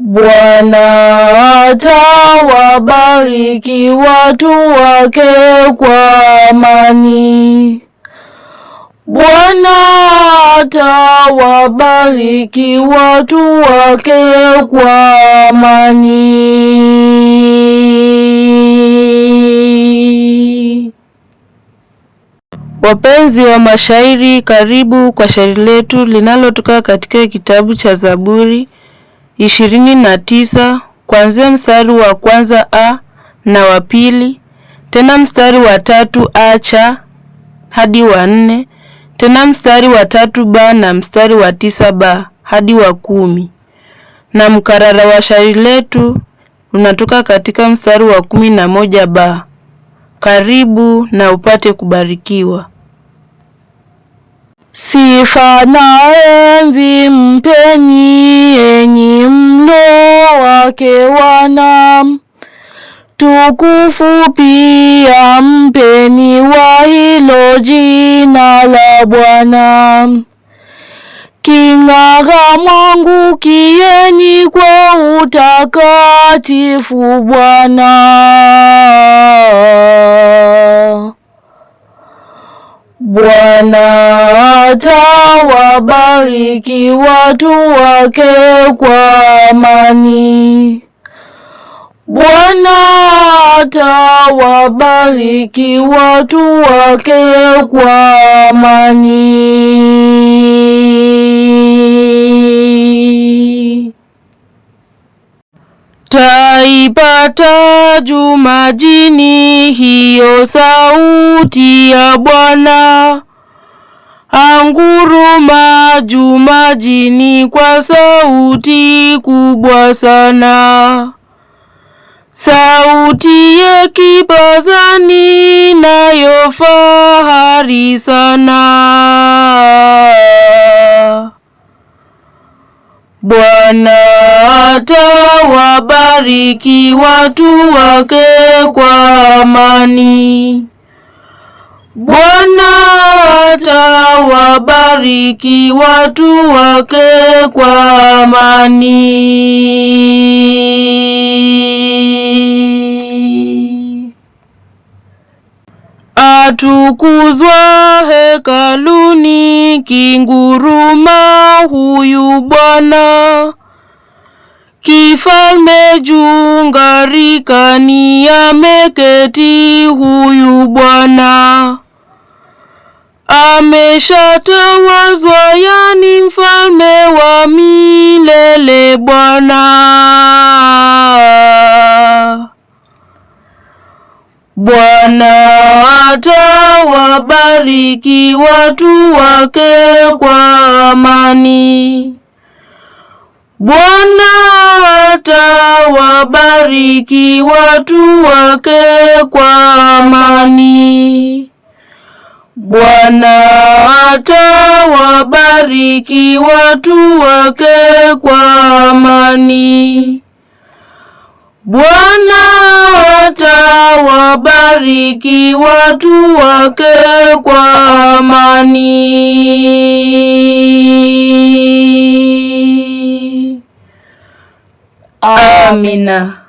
Bwana atawabariki watu wake kwa amani. Bwana atawabariki watu wake kwa amani. Wapenzi wa mashairi, karibu kwa shairi letu linalotoka katika kitabu cha Zaburi ishirini na tisa kuanzia mstari wa kwanza a na wa pili, tena mstari wa tatu a cha hadi wa nne, tena mstari wa tatu ba na mstari wa tisa ba hadi wa kumi. Na mkarara wa shairi letu unatoka katika mstari wa kumi na moja ba. Karibu na upate kubarikiwa. Sifa na enzi tukufu pia mpeni wa hilo jina la Bwana. King'ara mwangu kieni kwa utakatifu Bwana. Bwana atawabariki watu wake kwa amani. Bwana atawabariki watu wake kwa amani. Taipata juu majini hiyo sauti ya Bwana anguruma juu majini kwa sauti kubwa sana utie kibazani, nayo fahari sana. Bwana atawabariki watu wake kwa amani. Bwana atawabariki watu wake kwa amani. Atukuzwa hekaluni, kinguruma huyu Bwana. Kifalme juu ngarikani, ameketi huyu Bwana. Ameshatawazwa, yani mfalme wa milele Bwana. Bwana atawabariki watu wake kwa amani. Bwana atawabariki watu wake kwa amani. Bwana atawabariki watu wake kwa amani. Bwana atawabariki watu wake kwa amani. Amina.